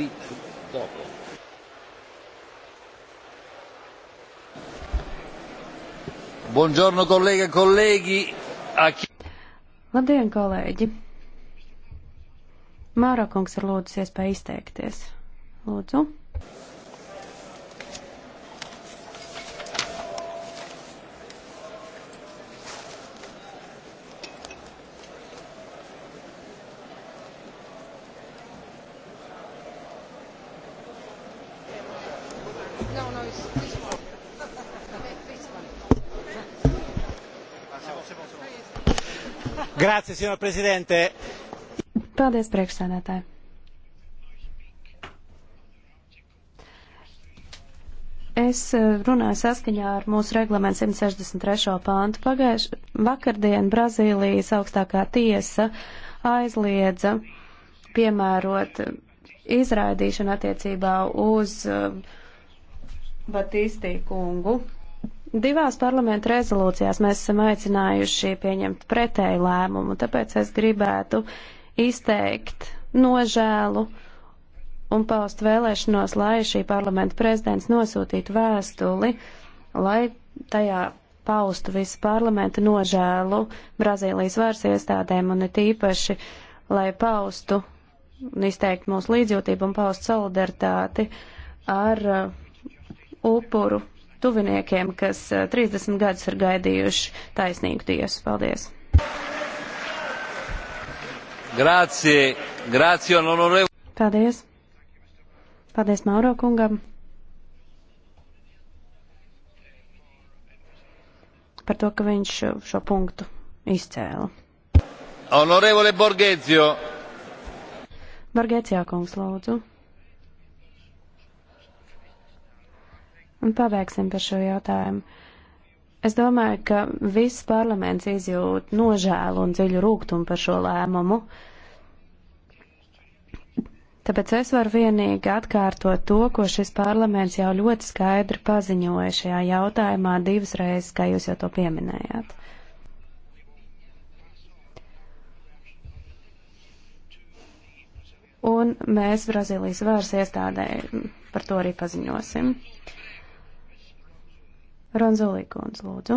Sì, dopo. Buongiorno colleghe e colleghi. A chi... Labdien, kolēģi! Māra kungs ir lūdzis iespēju izteikties. Lūdzu. No, no, it's this one. this one. Grazie, signor Presidente. Paldies, priekšsēdētāji. Es eh, runāju saskaņā ar mūsu reglamentu 163. pāntu. Pagājuši vakardien Brazīlijas augstākā tiesa aizliedza piemērot izraidīšanu attiecībā uz uh, Batistī kungu. Divās parlamenta rezolūcijās mēs esam aicinājuši pieņemt pretēju lēmumu, tāpēc es gribētu izteikt nožēlu un paust vēlēšanos, lai šī parlamenta prezidents nosūtītu vēstuli, lai tajā paustu visu parlamentu nožēlu Brazīlijas varas iestādēm un it īpaši, lai paustu un izteikt mūsu līdzjūtību un paustu solidaritāti ar uh, upuru tuviniekiem, kas 30 eh, gadus ir gaidījuši taisnīgu tiesu. Paldies! Grācie, grācie, honorē. Paldies! Paldies Mauro kungam! par to, ka viņš šo punktu izcēla. Honorevole Borgēzio. Borgēcijā kungs, lūdzu. un paveiksim par šo jautājumu. Es domāju, ka viss parlaments izjūt nožēlu un dziļu rūgtumu par šo lēmumu. Tāpēc es varu vienīgi atkārtot to, ko šis parlaments jau ļoti skaidri paziņoja šajā jautājumā divas reizes, kā jūs jau to pieminējāt. Un mēs Brazīlijas vārs iestādē par to arī paziņosim. Uh, Ronzulīkons, lūdzu.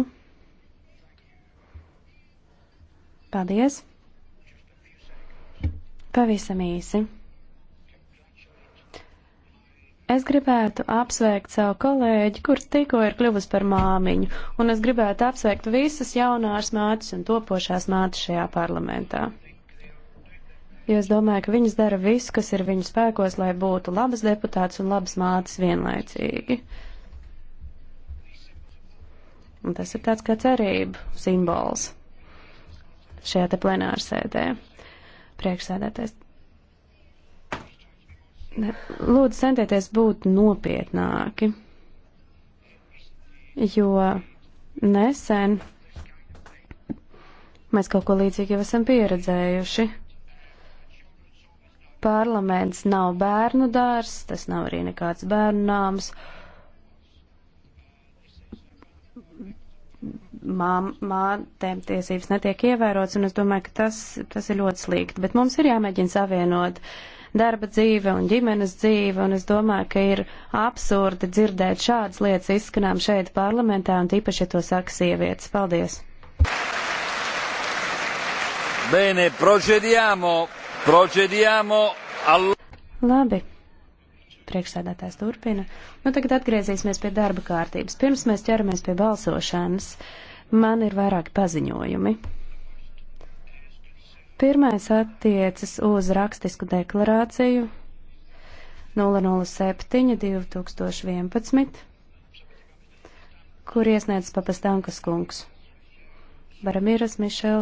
Paldies. Pavisam īsi. Es gribētu apsveikt savu kolēģi, kur tikko ir kļuvusi par māmiņu, un es gribētu apsveikt visas jaunās mātes un topošās mātes šajā parlamentā. Jo es domāju, ka viņas dara visu, kas ir viņu spēkos, lai būtu labas deputātas un labas mātes vienlaicīgi. Uh, Un tas ir tāds kā cerību simbols šajā te plenārsēdē. Priekšsēdētais. Lūdzu, centieties būt nopietnāki, jo nesen mēs kaut ko līdzīgu jau esam pieredzējuši. Parlaments nav bērnu dārs, tas nav arī nekāds bērnu nāms. Uh, mātēm tiesības netiek ievērots, un es domāju, ka tas, tas ir ļoti slikti. Bet mums ir jāmēģina savienot darba dzīve un ģimenes dzīve, un es domāju, ka ir absurdi dzirdēt šādas lietas izskanām šeit parlamentā, un tīpaši, ja to saka sievietes. Paldies! Bene, procediamo, procediamo al... Labi priekšsēdētājs turpina. Nu, tagad atgriezīsimies pie darba kārtības. Pirms mēs ķeramies pie balsošanas, uh, Man ir vairāki paziņojumi. Pirmais attiecas uz rakstisku deklarāciju 007 2011, kur iesniedz papastankas kungs. Baramīras Mišels